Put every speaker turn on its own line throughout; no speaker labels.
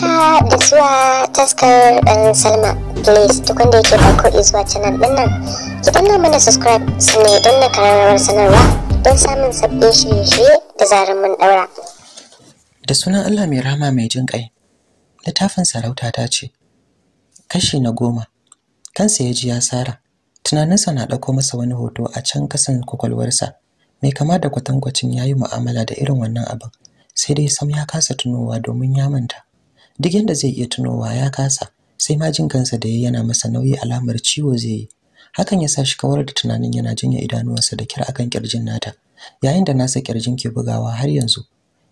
haka ah, da zuwa taskar ɗan um, salma please duk wanda yake farko izuwa canal ɗin nan ki danna mana subscribe sannan don na kararrawar sanarwa don samun sabbin shirye-shirye da zarar mun ɗaura da sunan allah mai rama mai jin ƙai littafin sarauta ta ce kashi na goma kansa ya ji ya sara tunaninsa na ɗauko masa wani hoto a can kasan kwakwalwarsa mai kama da kwatankwacin ya yi mu'amala da irin wannan abin sai dai sam ya kasa tunowa domin ya manta duk yanda zai iya tunowa ya kasa sai ma jin kansa da yayi yana masa nauyi alamar ciwo zai yi hakan ya sa shi kawar da tunanin yana jinya idanuwansa da kira akan kirjin nata yayin da nasa kirjin ke bugawa har yanzu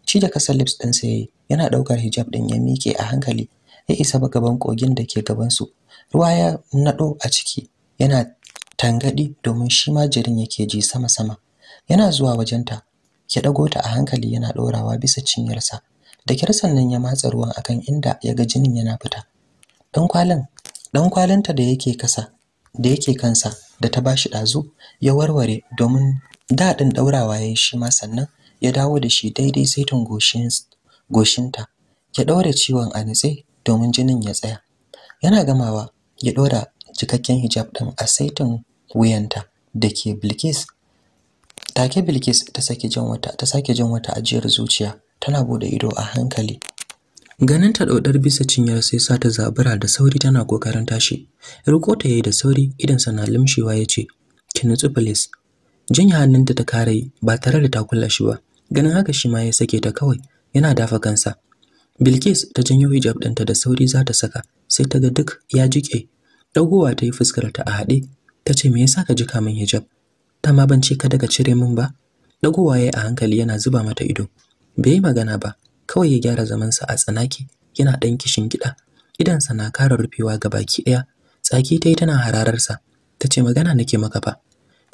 shi da kasar lips ɗinsa yayi yana ɗaukar hijab ɗin ya mike a hankali ya isa ba gaban kogin da ke gabansu ruwa ya naɗo a ciki yana tangadi, domin shi ma jirin yake ji sama-sama yana zuwa wajenta ya dago ta a hankali yana ɗorawa bisa cinyarsa da kyar sannan ya matsa ruwan akan inda ya ga jinin yana fita dan kwalin dan kwalinta da yake kasa da yake kansa da ta bashi dazu ya warware domin daɗin ɗaurawa yayin shi ma sannan ya dawo da shi daidai saitin goshin goshinta ya ɗaura ciwon a nitse domin jinin ya tsaya yana gamawa ya ɗora cikakken hijab din a saitin wuyanta da ke bilkis take bilkis ta sake jin wata ta sake jin wata ajiyar zuciya tana bude ido a hankali ganin ta daudar bisa cinyar sai sa ta zabura da sauri tana kokarin tashi riko ta yayi da sauri idan sana limshiwa yace ki nutsu please jinya hannunta ta kare ba tare da ta kula shi ba ganin haka shi ma ya sake ta kawai yana dafa kansa Bilkis ta janyo hijab ɗinta da sauri za ta saka sai ta ga duk ya jike dagowa ta yi fuskar ta a haɗe ta ce me yasa ka jika min hijab ta ma ban ce ka daga cire min ba dagowa yayi a hankali yana zuba mata ido bai yi magana ba kawai ya gyara zamansa a tsanaki yana ɗan kishin gida sa na kara rufewa ga baki ɗaya tsaki ta yi tana hararsa ta ce magana nake maka fa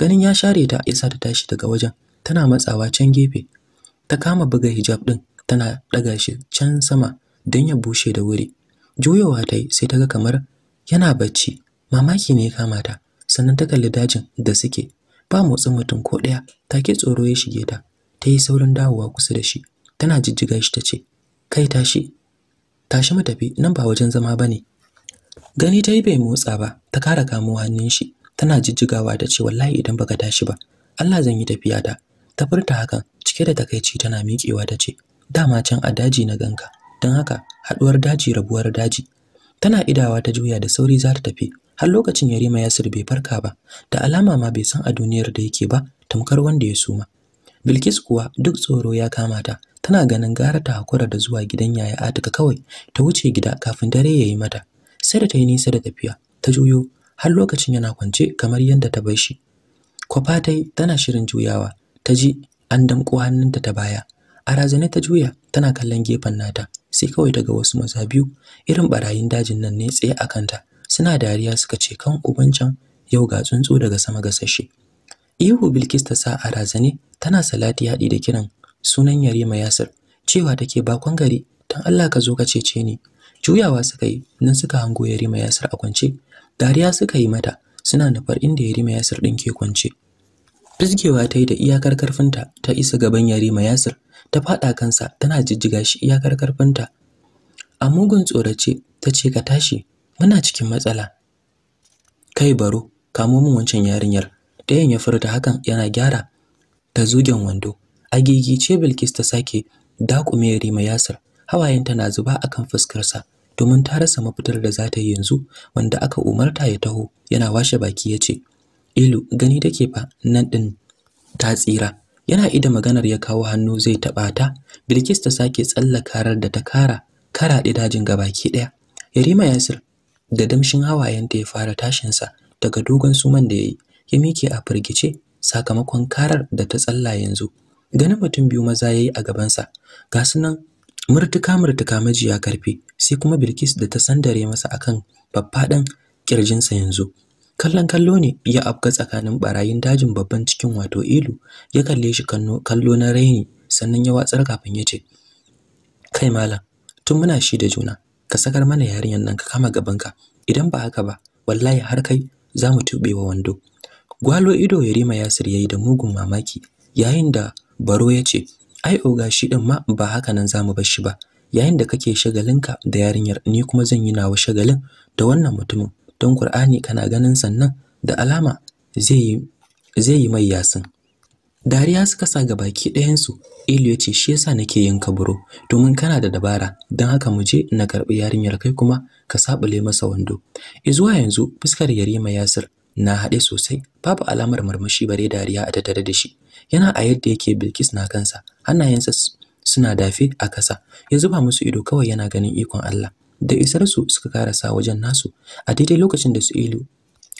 ganin ya share ta isa ta tashi daga wajen tana matsawa can gefe ta kama buga hijab ɗin tana ɗaga shi can sama don ya bushe da wuri juyowa ta yi sai ta ga kamar yana bacci mamaki ne ya kama ta sannan ta kalli dajin da suke ba motsin mutum ko ɗaya take tsoro ya shige ta ta yi saurin dawowa kusa da shi tana jijjiga shi ta ce kai tashi tashi mu nan ba wajen zama ba ne gani ta yi bai motsa ba ta kara kamo hannun shi tana jijjigawa ta ce wallahi idan baka tashi ba Allah zan yi tafiya ta ta furta hakan cike da takaici tana miƙewa ta ce dama can a daji na ganka don haka haɗuwar daji rabuwar daji tana idawa ta juya da sauri za ta tafi har lokacin yarima ya bai farka ba da alama ma bai san a duniyar da yake ba tamkar wanda ya suma bilkis kuwa duk tsoro ya kama ta tana ganin gara ta hakura da zuwa gidan yaya Atika kawai ta wuce gida kafin dare ya yi mata sai da ta yi nisa da tafiya ta juyo har lokacin yana kwance kamar yadda ta bar shi kwafa tana shirin juyawa ta ji an damƙo hannunta ta baya a razane ta juya tana kallon gefen nata sai kawai daga wasu maza biyu irin barayin dajin nan ne tsaye a kanta suna dariya suka ce kan ubancan yau ga tsuntsu daga sama gasashe ihu bilkis ta sa a razane tana salati haɗi da kiran sunan Yarima Yasir cewa take bakon gari dan Allah ka zo ka cece ni juyawa suka yi nan suka hango Yarima Yasir a kwance dariya suka yi mata suna nufar inda Yarima Yasir din ke kwance fisgewa ta yi da iyakar karfinta ta isa gaban Yarima Yasir ta fada kansa tana jijjiga shi iyakar karfinta a mugun tsorace ta ce ka tashi muna cikin matsala kai baro kamo min wancan yarinyar dayan ya furta hakan yana gyara ta zugen wando A gigice Bilkis ta sake daƙume Rima Yasir, hawayenta na zuba akan fuskarsa domin ta rasa mafitar da za ta yi yanzu wanda aka umarta ya taho yana washe baki ya ce, Ilu gani take fa nan din ta tsira. Yana ida maganar ya kawo hannu zai taɓa ta, Bilkis ta sake tsalla da ta kara, karaɗe dajin gabaki ɗaya. Yarima Yasir da damshin hawayenta ya fara tashinsa daga dogon suman da yayi yi, ya miƙe a firgice sakamakon karar da ta tsalla yanzu. ganin mutum biyu maza ya yi a gabansa ga su nan murtuka murtuka majiya karfe, sai kuma Bilkis da ta sandare masa akan faffadan kirjinsa yanzu kallon kallo ne ya afka tsakanin barayin dajin babban cikin wato ilu ya kalle shi kallo na raini sannan ya watsar kafin ya ce kai malam tun muna shi da juna ka sakar mana yarinyar nan ka kama gabanka idan ba haka ba wallahi har kai za mu tuɓe wa wando gwalo ido yarima yasir yayi da mugun mamaki yayin da Baro ya ce, ai oga shi ɗin ma ba haka nan za mu bar shi ba. Yayin da kake shagalinka da yarinyar ni kuma zan yi nawa shagalin da wannan mutumin don Kur'ani kana ganin sannan da alama zai yi mai yasin. Dariya suka sa ga baki ɗayansu, eli ya ce shi yasa nake yin ka buro domin kana da dabara, don haka mu je na karɓi yarinyar kai kuma ka saɓule masa wando. Izuwa yanzu fuskar Yarima Yasir na haɗe sosai babu alamar murmushi bare dariya a tattare da shi yana a yadda yake Bilkis na kansa hannayensa suna dafe a kasa ya zuba musu ido kawai yana ganin ikon Allah da isar su suka karasa wajen nasu a daidai lokacin da su ilu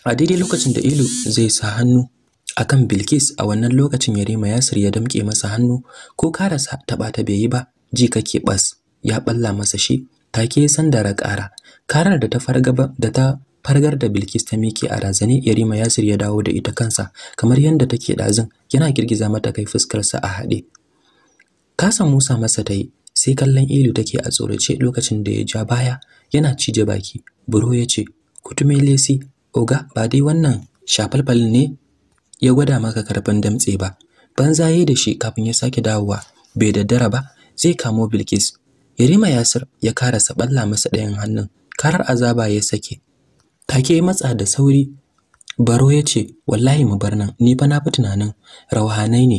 a daidai lokacin da ilu zai sa hannu akan Bilkis a wannan lokacin Yarima Yasir ya damƙe masa hannu ko karasa ta ta bai yi ba ji kake bas ya balla masa shi take sandara ƙara karar da ta fargaba da ta fargar da Bilkis ta miƙe a razane Yarima Yasir ya dawo da ita kansa kamar yadda take dazin yana girgiza mata kai fuskarsa a haɗe Kasan Musa masa ta yi sai kallon Ilu take a tsorace lokacin da ya ja baya yana cije baki buro ya ce kutume lesi oga ba dai wannan shafalfal ne ya gwada maka karfin damtse ba banza zaye da shi kafin ya sake dawowa bai daddara ba zai kamo Bilkis Yarima Yasir ya karasa balla masa ɗayan hannun karar azaba ya sake take matsa da sauri baro ya ce wallahi mu bar nan ni fa na fi tunanin rauhanai ne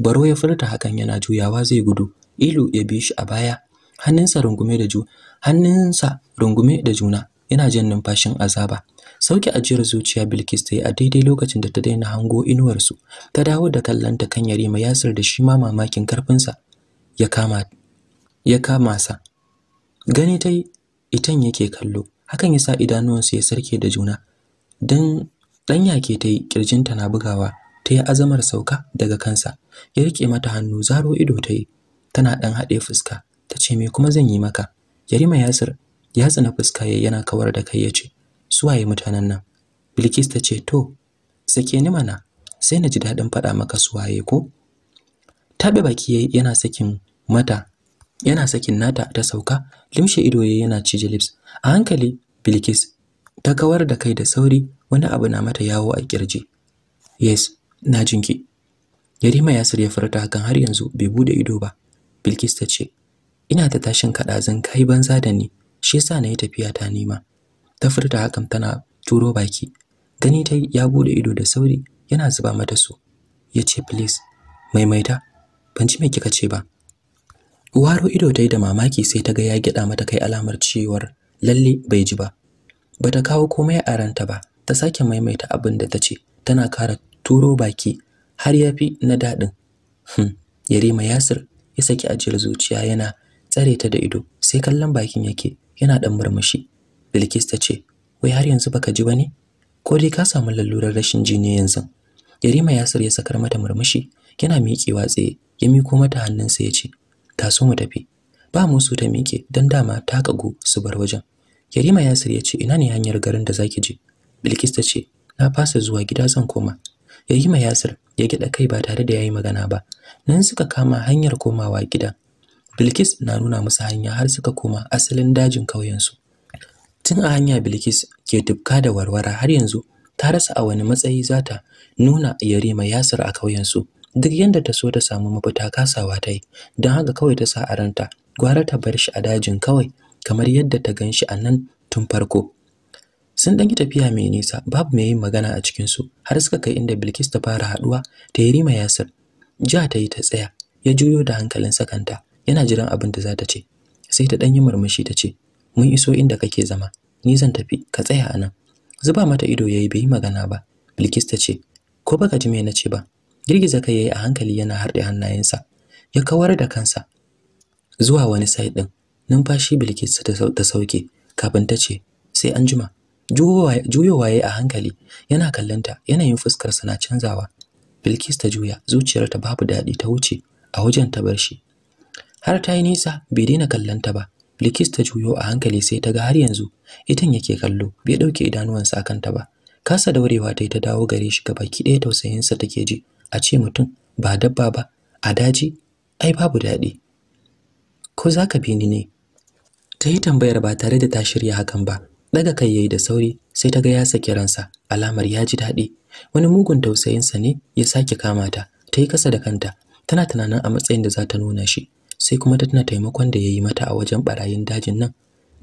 baro ya furta hakan yana juyawa zai gudu ilu ya bi shi a baya hannunsa rungume da ju hannunsa rungume da juna yana jin numfashin azaba sauke ajiyar zuciya Bilkis ta yi a daidai lokacin da ta daina hango inuwarsu ta dawo da kallanta kan Yarima Yasir da shi ma mamakin karfinsa ya kama ya kama sa gani ta yi itan yake kallo hakan yasa idanuwansu ya sarke da juna dan dan yake ta yi kirjinta na bugawa ta yi azamar sauka daga kansa ya rike mata hannu zaro ido ta yi tana dan haɗe fuska ta ce me kuma zan yi maka yarima yasir ya tsina fuska ya yana kawar da kai yace su waye mutanen nan bilkis ta ce to sake ni mana sai na ji daɗin faɗa maka su waye ko taɓe baki yana sakin mata yana sakin nata ta sauka limshe ido yana cije lips A hankali Bilkis ta kawar da kai da sauri wani abu na mata yawo a kirji. Yes, na jinki. Yarima ya sirya furta hakan har yanzu bai bude ido ba. Bilkis ta ce, "Ina ta tashin zan kai banza da ni, shi yasa na yi tafiya ta nima." Ta furta hakan tana turo baki. Gani ta ya bude ido da sauri yana zuba mata su Ya ce, "Please, maimaita, ban ji mai kika ce ba." Waro ido ta da mamaki sai ta ga ya gyaɗa mata kai alamar cewar lalle bai ji ba bata kawo komai a ranta ba ta sake maimaita abin da ta ce tana kara turo baki har yafi na dadin hmm. yarima yasir ya saki ajiyar zuciya yana tsare ta da ido sai kallon bakin yake yana dan murmushi bilkis ta ce wai har yanzu baka ji ba ne ko dai ka samu lalurar rashin jini yanzu yarima yasir ya sakar mata murmushi yana miƙewa tsaye ya miko mata hannunsa ya ce Ta taso mu tafi ba musu ta miƙe don dama ta kagu su bar wajen yarima yasir ya ce ina ne hanyar garin da zaki je bilkis ta ce na fasa zuwa gida zan koma yarima yasir ya gida kai ba tare da yayi magana ba nan suka kama hanyar komawa gida bilkis na nuna musu hanya har suka koma asalin dajin ƙauyensu tun a hanya bilkis ke tufka da warwara har yanzu ta rasa a wani matsayi za ta nuna yarima yasir a ƙauyensu duk yadda ta so ta samu mafita kasawa ta yi don haka kawai ta sa a ranta gwara ta bar shi a dajin kawai kamar yadda ta gan shi a nan tun farko sun ɗan yi tafiya mai nisa babu mai yin magana a cikinsu har suka kai inda bilkis ta fara haɗuwa ta yi rima yasir ja ta yi ta tsaya ya juyo da hankalin sakanta yana jiran abin da za ta ce sai ta ɗan yi murmushi ta ce mun iso inda kake zama ni zan tafi ka tsaya a nan zuba mata ido yayi bai yi magana ba bilkis ta ce ko baka ji mai na ce ba girgiza kai yi a hankali yana harɗe hannayensa ya kawar da kansa zuwa wani side din numfashi Bilkis ta sauke kafin ta ce sai anjima. jima juyowa a hankali yana kallanta yanayin fuskar sa na canzawa Bilkis ta juya zuciyarta babu daɗi ta wuce a wajen ta bar shi har ta yi nisa bai daina kallanta ba Bilkis ta juyo a hankali sai ta ga har yanzu itan yake kallo bai dauke idanuwansa akan ta ba kasa daurewa ta yi ta dawo gare shi gaba ki ɗaya tausayinsa take ji a ce mutum ba dabba ba a daji ai babu daɗi ko za ka bi ni ne ta yi tambayar ba tare da ta shirya hakan ba daga kai yayi da sauri sai ta ga ya saki ransa alamar ya ji daɗi wani mugun tausayinsa ne ya sake kama ta ta yi kasa da kanta tana tunanin a matsayin da za ta nuna shi sai kuma ta tana taimakon da ya yi mata a wajen barayin dajin nan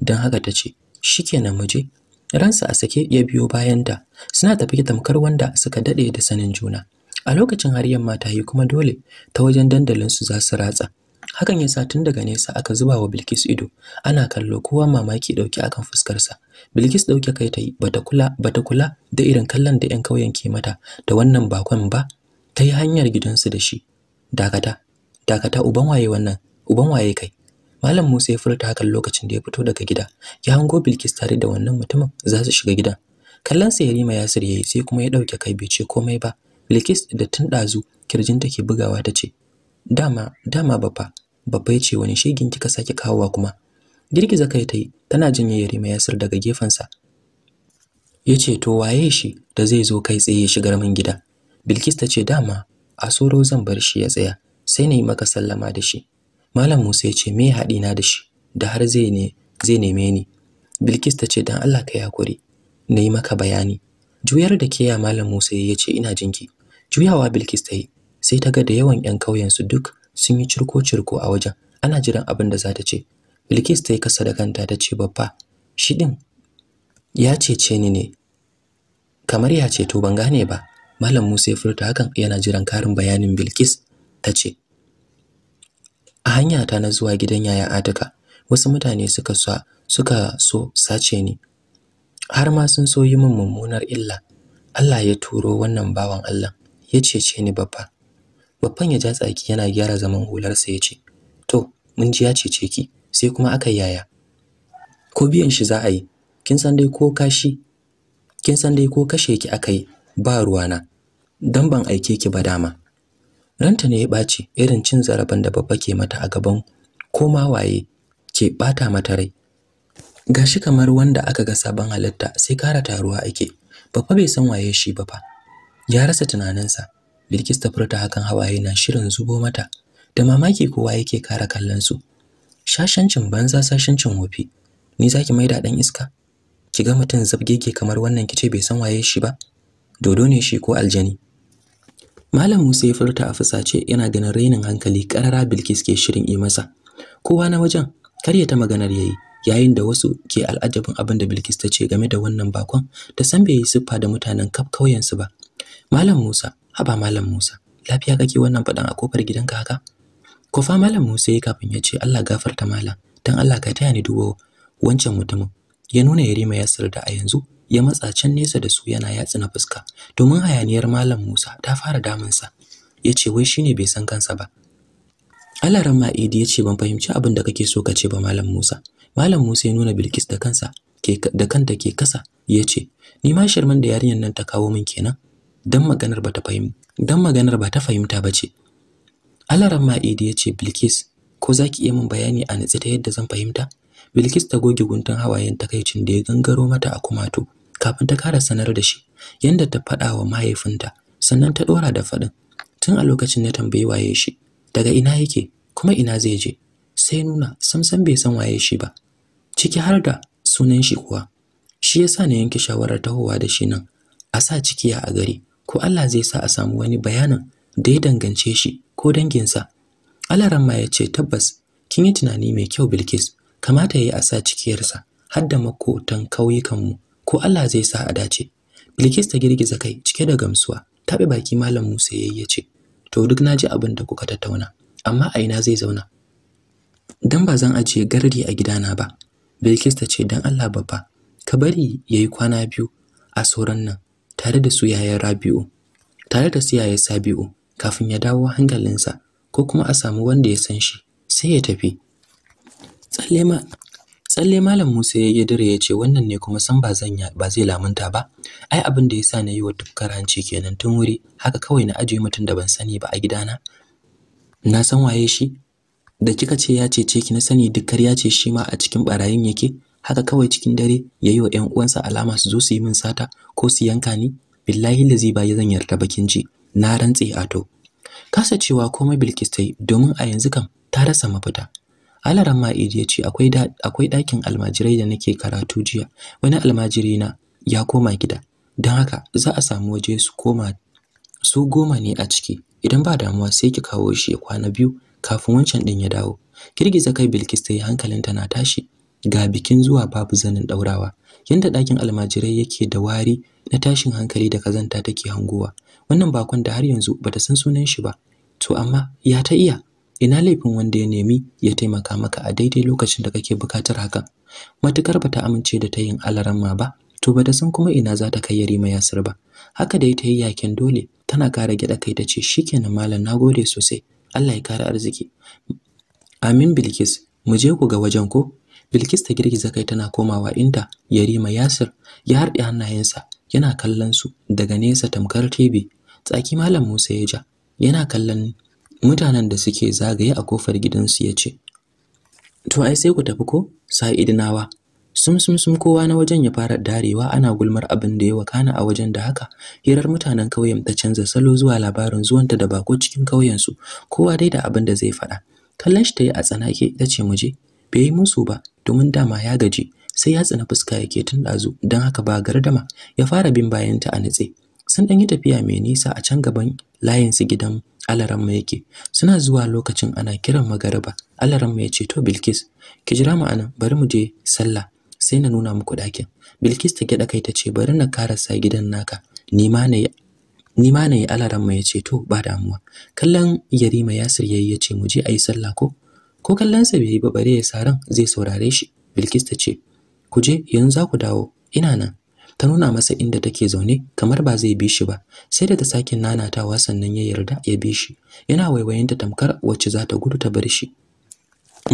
don haka ta ce shikenan mu je ransa a sake ya biyo bayan ta suna tafi tamkar wanda suka daɗe da sanin juna a lokacin har yamma ta yi kuma dole ta wajen dandalin su za su ratsa hakan ya sa tun daga nesa aka zuba wa Bilkis ido ana kallo kowa mamaki dauke akan fuskarsa Bilkis dauke kai ta yi bata kula bata kula da irin kallon da 'yan kauyen ke mata da wannan bakon ba ta yi hanyar gidansu da shi dakata dakata uban waye wannan uban waye kai Malam Musa ya furta hakan lokacin da ya fito daga gida. Ya hango Bilkis tare da wannan mutumin za su shiga gidan. Kallon sa Yarima ya yi sai kuma ya dauke kai bai ce komai ba. Bilkis da tun dazu kirjin take bugawa ta ce, "Dama, dama baba, babba ya ce wani shegin kika sake kawowa kuma girgiza kai ta yi tana janye yarima yasir daga gefensa ya ce to waye shi da zai zo kai tsaye ya shigar min gida bilkis ta ce dama a soro zan bar shi ya tsaya sai na yi maka sallama da shi malam musa ya ce me haɗi na da shi da har zai ne zai neme ni bilkis ta ce dan allah ka hakuri na yi maka bayani juyar da keya malam musa ya ce ina jinki juyawa bilkis ta yi sai ta ga da yawan 'yan ƙauyensu duk sun yi cirko-cirko a wajen ana jiran abin da za ta ce bilkis ta yi kasa da kanta ta ce babba shi din ya cece ni ne kamar ya ce to ban gane ba malam musa ya furta hakan yana jiran karin bayanin bilkis ta ce a hanya ta na zuwa gidan yaya atika wasu mutane suka so suka so sace ni har ma sun so yi min mummunar illa Allah ya turo wannan bawan Allah ya cece ni babba Babban ya ja tsaki yana gyara zaman hularsa ya ce, To, mun ji ya cece ki, sai kuma aka yaya. Ko biyan shi za a yi, kin san dai ko kashi, kin san dai ko kashe ki aka yi ba ruwana, don ban aike ki ba dama. Ranta ne ya ɓaci irin cin zarafin da babba ke mata a gaban koma waye ke ɓata mata rai. Gashi kamar wanda aka ga sabon halitta sai kara taruwa ake, babba bai san waye shi ba fa. Ya rasa tunaninsa, Bilkis ta furta hakan hawaye na shirin zubo mata. Da mamaki kowa yake kara kallon su. Shashancin banza shashancin wofi. Ni zaki maida dan iska? Ki ga mutum zabgege kamar wannan kice bai san waye shi ba? Dodo ne shi ko aljani? Malam Musa ya furta a fusace yana ganin rainin hankali karara Bilkis ke shirin yi masa. Kowa na wajen karya ta maganar yayi yayin da wasu ke al'ajabin abin da Bilkis ta ce game da wannan bakon ta san bai yi siffa da mutanen kaf su ba. Malam Musa haba malam Musa lafiya kake wannan fadan a kofar gidanka haka ko fa malam Musa ya kafin ya ce Allah gafarta malam dan Allah ka taya ni dubo wancan mutumin ya nuna Yarima ya da a yanzu ya matsa can nesa da su yana yatsi na fuska domin hayaniyar malam Musa ta fara damunsa ya ce wai shine bai san kansa ba Allah ran ma'idi ya ce ban fahimci abin da kake so ka ce ba Malam Musa. Malam Musa ya nuna Bilkis da kansa ke da kanta ke kasa ya ce ni ma shirman da yarinyar nan ta kawo min kenan. dan maganar bata fahim dan maganar bata fahimta bace Alaran Ma'idi ya ce Bilkis ko zaki iya min bayani a nitsi ta yadda zan fahimta Bilkis ta goge guntun hawayen takaicin da ya gangaro mata a kumato kafin ta kara sanar da shi yanda ta faɗawa wa mahaifinta sannan ta ɗora da faɗin tun a lokacin ne tambayi waye shi daga ina yake kuma ina zai je sai nuna samsam bai san waye shi ba ciki har da sunan shi kuwa shi yasa na yanke shawarar tahowa da shi nan a sa cikiya a gari ko Allah zai sa a samu wani bayanin da ya dangance shi ko danginsa Alaramma ya ce tabbas kin yi tunani mai kyau Bilkis kamata ya yi a sa cikiyarsa har da makotan ƙauyukanmu. ko Allah zai sa a dace Bilkis ta girgiza kai cike da gamsuwa Taɓa baki malam Musa yayi ya ce to duk naji abin da kuka tattauna amma a ina zai zauna dan ba zan ajiye gardi a gidana ba Bilkis ta ce dan Allah babba ka bari yayi kwana biyu a sauran nan tare da su yayin Rabi'u tare da su yayin Sabi'u kafin ya dawo hankalinsa ko kuma a samu wanda ya san shi sai ya tafi tsalle malam Musa ya dire ya ce wannan ne kuma san ba zan ba zai lamunta ba ai abin da ya sa na yi wa tukkar hanci kenan tun wuri haka kawai na ajiye mutum da ban sani ba a gidana na san waye shi da kika ce ya ce ki na sani duk ya ce shi ma a cikin barayin yake haka kawai cikin dare ya yi wa 'yan uwansa alama su zo su yi min sata ko su yanka ni billahi lazi ya zan yarda bakin ji na rantse a to. kasa cewa komai bilkis ta yi domin a yanzu kam ta rasa mafita alaran ma'idi ya ce akwai ɗakin almajirai da nake karatu jiya wani almajiri na ya koma gida don haka za a samu waje su koma su goma ne a ciki idan ba damuwa sai ki kawo shi kwana biyu kafin wancan ɗin ya dawo girgiza kai bilkis ta yi hankalinta na tashi ga bikin zuwa babu zanin ɗaurawa yanda ɗakin almajirai yake da wari na tashin hankali da kazanta take hangowa wannan bakon da har yanzu bata san sunan shi ba to amma ya ta iya ina laifin wanda ya nemi ya taimaka maka a daidai lokacin da kake bukatar hakan matukar bata amince da ta yin alaramma ba to bata san kuma ina za ta kai yarima yasir ba haka da ta yi yakin dole tana kara gyaɗa kai ta ce shikenan malam nagode sosai Allah ya kara arziki amin bilkis mu je ku ga wajen ko Bilkis ta girgiza kai tana komawa inda Yarima Yasir ya harɗe hannayensa yana kallon su daga nesa tamkar tebe. Tsaki Malam Musa ya ja yana kallon mutanen da suke zagaye a kofar gidansu ya ce, To ai sai ku tafi ko sa'idinawa sum sum sum kowa na wajen ya fara darewa ana gulmar abin da ya wakana a wajen da haka hirar mutanen kauyen ta canza salo zuwa labarin zuwanta da bako cikin kauyen su kowa dai da abin da zai faɗa kallon shi ta yi a tsanake ta ce muje bai yi musu ba domin dama ya gaji sai ya tsina fuska yake tun ɗazu don haka ba gardama ya fara bin bayanta a nitse sun ɗan yi tafiya mai nisa a can gaban layin su gidan alaramma yake suna zuwa lokacin ana kiran magaraba alaramma ya ce to bilkis ki jira mu anan bari mu je sallah sai na nuna muku ɗakin bilkis ta gyaɗa kai ta ce bari na karasa gidan naka nima ma na yi ni ma na yi alaramma ya to ba damuwa kallon yarima yasir yayi ya ce mu je a yi sallah ko ko kallonsa bai yi ba bare ya saran zai saurare shi bilkis ta ce ku je yanzu za ku dawo ina nan ta nuna masa inda take zaune kamar ba zai bi shi ba sai da ta sake nanatawa sannan ya yarda ya bi shi yana ta tamkar wacce za ta gudu ta bar shi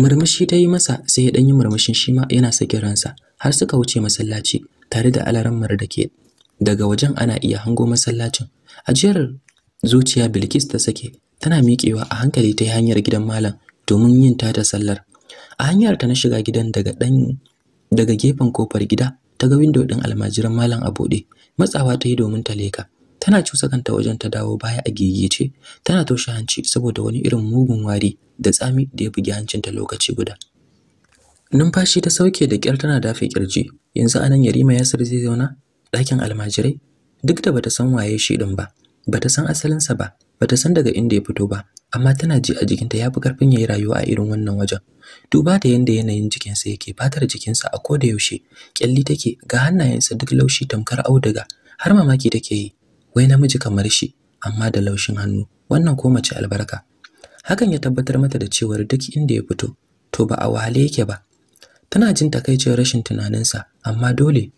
murmushi ta yi masa sai ya ɗan yi murmushin shi ma yana sakin ransa har suka wuce masallaci tare da alarammar da ke daga wajen ana iya hango masallacin ajiyar zuciya bilkis ta sake tana miƙewa a hankali ta hanyar gidan malam domin yin tada sallar a hanyar ta na shiga gidan daga dan daga gefen kofar gida ta ga window ɗin almajiran malam a buɗe, matsawa ta yi domin ta leka tana cusa kanta wajen ta dawo baya a gegece tana toshe hanci saboda wani irin mugun wari da tsami da ya bugi hancinta lokaci guda numfashi ta sauke da kyar tana dafe kirji yanzu anan yarima yasir zai zauna ɗakin almajirai duk da bata san waye shi din ba bata san asalinsa ba bata san daga inda ya fito ba amma tana ji a jikinta ya fi ƙarfin ya yi rayuwa a irin wannan wajen duba da yadda yanayin jikinsa yake fatar jikinsa a koda yaushe ƙyalli take ga hannayensa duk laushi tamkar auduga har mamaki take yi wai namiji kamar shi amma da laushin hannu wannan ko mace albarka hakan ya tabbatar mata da cewar duk inda ya fito to ba a wahale yake ba tana jin takaicin rashin tunaninsa amma dole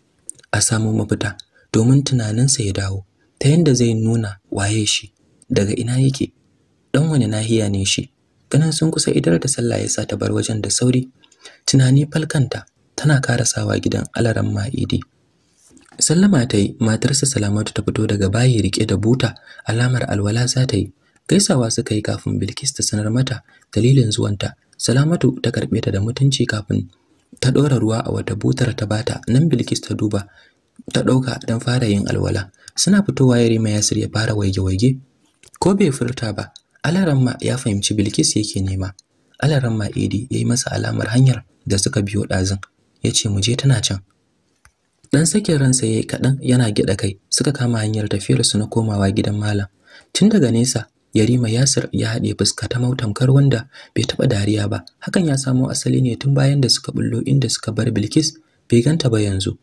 a samu mafita domin tunaninsa ya dawo ta yadda zai nuna waye shi daga ina yake dan wani nahiya ne shi ganin sun kusa idar da sallah ya sa ta bar wajen da sauri tunani falkanta tana karasawa gidan alaran ma'idi sallama ta yi matarsa salamatu ta fito daga bayi rike da buta alamar alwala za ta yi gaisawa suka yi kafin bilkis ta sanar mata dalilin zuwanta salamatu ta karɓe ta da mutunci kafin ta ɗora ruwa a wata butar ta bata nan bilkis ta duba ta ɗauka don fara yin alwala suna fitowa ya mai yasir ya fara waige-waige ko bai furta ba Alaramma ya fahimci Bilkis yake nema. Alaramma Idi ya yi masa alamar hanyar da suka biyo ɗazun. Ya ce mu je tana can. Dan sakin ransa ya yi kaɗan yana gyaɗa kai suka kama hanyar tafiyar su na komawa gidan malam. Tun daga nesa Yarima Yasir ya haɗe fuska ta mautamkar wanda bai taɓa dariya ba. Hakan ya samo asali ne tun bayan da suka bullo inda suka bar Bilkis bai ganta ba yanzu.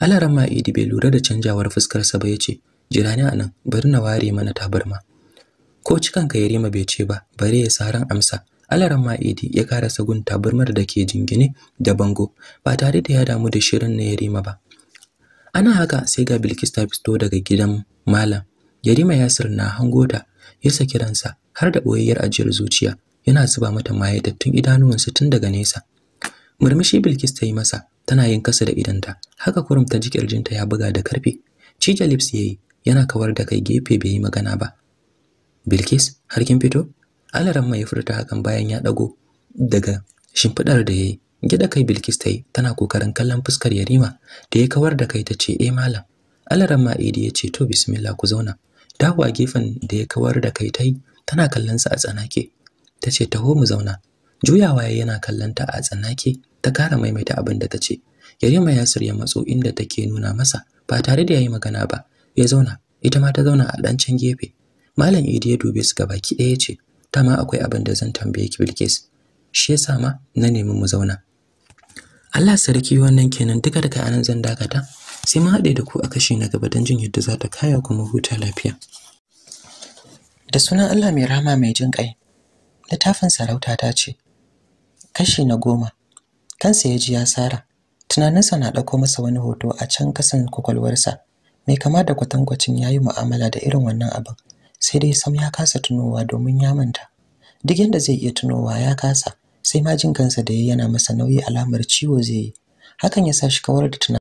Alaramma Idi bai lura da canjawar fuskarsa ba ya ce, Jira ni a nan, bari na ware mana tabarma. ko cikan ka yarima bai ce ba bare ya saran amsa alaran ma'idi ya karasa gun tabarmar da ke jingine da bango ba tare da ya damu da shirin na yarima ba ana haka sai ga bilkis ta fito daga gidan malam yarima yasir na hangota ya saki ransa har da boyayyar ajiyar zuciya yana zuba mata maye idanuwansa tun daga nesa murmushi bilkis ta yi masa tana yin kasa da idanta haka kurum ta ji kirjinta ya buga da karfi cija lips yayi yana kawar da kai gefe bai yi magana ba Bilkis har kin fito? Alaran mai furta hakan bayan ya dago daga shimfidar da yayi. Gida kai Bilkis tayi tana kokarin kallon fuskar Yarima da ya kawar da kai ta ce eh malam. Alaran ma Idi ya ce to bismillah ku zauna. Dawa gefen da ya kawar da kai tayi tana kallon sa a tsanake. Ta ce taho mu zauna. Juyawa yana kallon ta a tsanake ta kara maimaita abin da ta ce. Yarima ya ya matso inda take nuna masa ba tare da yayi magana ba. Ya zauna, ita ma ta zauna a ɗancen gefe. Malam Idi ya dube su baki ɗaya ce, ta ma akwai abin da zan tambaye ki Bilkis." Shi yasa ma na nemi mu zauna. Allah sarki wannan kenan duka daga anan zan dakata. Sai mun haɗe da ku a kashi na gaba don jin yadda za ta kaya kuma huta lafiya. Da sunan Allah mai rahama mai jin ƙai. Littafin sarauta ta ce, kashi na goma. Kansa ya ji ya sara. Tunaninsa na ɗauko masa wani hoto a can kasan kwakwalwarsa. Mai kama da kwatankwacin ya yi mu'amala da irin wannan abin. sai dai sam ya kasa tunowa domin ya manta duk yanda zai iya tunowa ya kasa sai ma jin kansa da yayi yana masa nauyi alamar ciwo zai yi hakan ya sa shi kawar da tunani